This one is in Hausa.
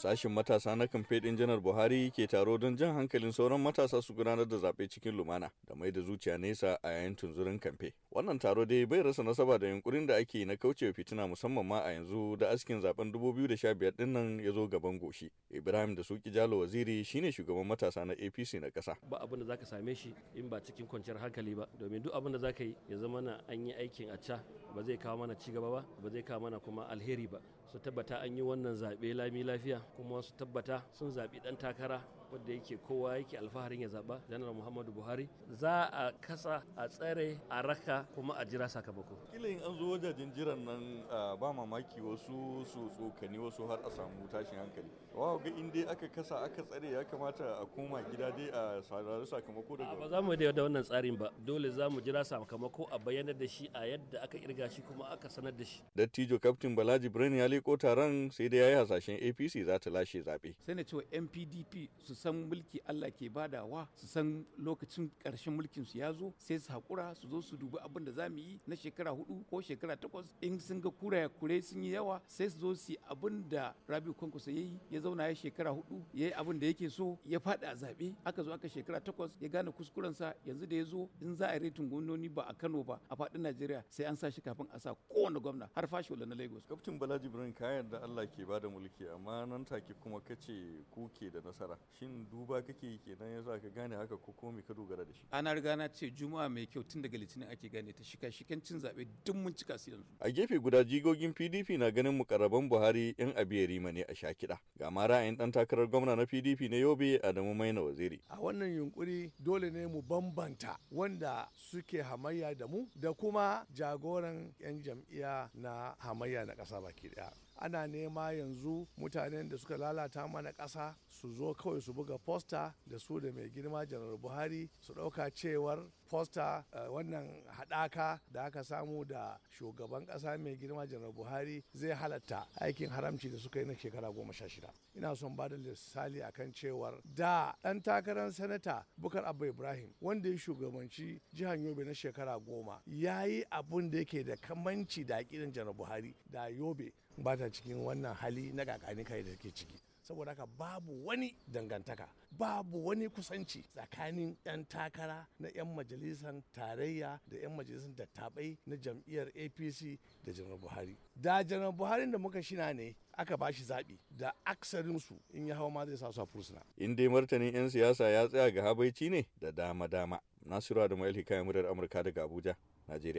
Sashen matasa na kamfe ɗin Janar Buhari ke taro don jan hankalin sauran matasa su gudanar da zaɓe cikin lumana da mai da zuciya nesa a yayin tunzurin kamfe. Wannan taro dai bai rasa nasaba da yunkurin da ake na kaucewa fitina musamman ma a yanzu da askin zaben 2015 din nan ya zo gaban goshi. Ibrahim da Suki Jalo Waziri shine shugaban matasa na APC na kasa Ba abin da zaka same shi in ba cikin kwanciyar hankali ba domin duk abin da zaka yi ya zama na an yi aikin a ca ba zai kawo mana cigaba ba ba zai kawo mana kuma alheri ba su tabbata an yi wannan zaɓe lami lafiya kuma su tabbata sun zaɓi ɗan takara wadda yake kowa yake alfaharin ya zaba janar muhammadu buhari za a kasa a tsare a raka kuma a jira sakamako kila an zo wajajen jiran nan ba mamaki wasu su tsokani wasu har a samu tashin hankali wa ga in dai aka kasa aka tsare ya kamata a koma gida dai a sarari sakamako daga ba za mu da wannan tsarin ba dole za mu jira sakamako a bayyana da shi a yadda aka kirga shi kuma aka sanar da shi dattijo kaftin balaji birnin ya leko taron sai dai yayi hasashen apc za ta lashe zabe sai na cewa mpdp su san mulki Allah ke badawa su san lokacin ƙarshen mulkin su ya zo sai su haƙura su zo su dubi abin da za mu yi na shekara hudu ko shekara takwas in sun ga kura ya kure sun yi yawa sai su zo su yi abin da Rabiu Kwankwaso ya yi ya zauna ya shekara hudu ya yi abin da yake so ya faɗi a zaɓe aka zo aka shekara takwas ya gane kuskurensa yanzu da ya zo in za a yi retin gwamnoni ba a Kano ba a faɗin Najeriya sai an sa shi kafin a sa kowane gwamna har wala na Lagos. Kaftin Bala Birnin kayan da Allah ke bada mulki amma nan take kuma kace ku ke da nasara. shi yin duba kake yi kenan yanzu aka ka gane haka ko komi ka dogara da shi ana riga na ce juma'a mai kyau tun daga litinin ake gane ta shika shiken cin zaɓe duk mun cika su yanzu a gefe guda jigogin pdp na ganin mukarraban buhari yan abiyari ne a shakiɗa ga ma ra'ayin ɗan takarar gwamna na pdp na yobe adamu maina waziri a wannan yunkuri dole ne mu bambanta wanda suke hamayya da mu da kuma jagoran yan jam'iyya na hamayya na ƙasa baki ɗaya ana nema yanzu mutanen da suka lalata mana ƙasa su zo kawai su buga fosta da su da mai girma janar buhari su ɗauka cewar fosta eh, wannan haɗaka da aka samu da shugaban ƙasa mai girma janar buhari zai halatta aikin haramci da suka yi na shekara goma sha shida ina son ba da lissali akan cewar da ɗan takarar sanata bukar abu ibrahim wanda ya shugabanci jihar yobe na shekara goma ya yi abun da yake da kamanci da aƙidan janar buhari da yobe ba ta cikin wannan hali na kakani kai da ke ciki saboda haka babu wani dangantaka babu wani kusanci tsakanin 'yan takara na 'yan majalisar tarayya da 'yan majalisar dattabai na jam'iyyar apc da janar buhari da janar buhari da muka shina ne aka ba shi zaɓi da aksarinsu in ya hawa ma zai sa su a fursuna in dai martanin 'yan siyasa ya tsaya ga habaici ne da dama dama nasiru Adamu mail hikayar murar amurka daga abuja najeriya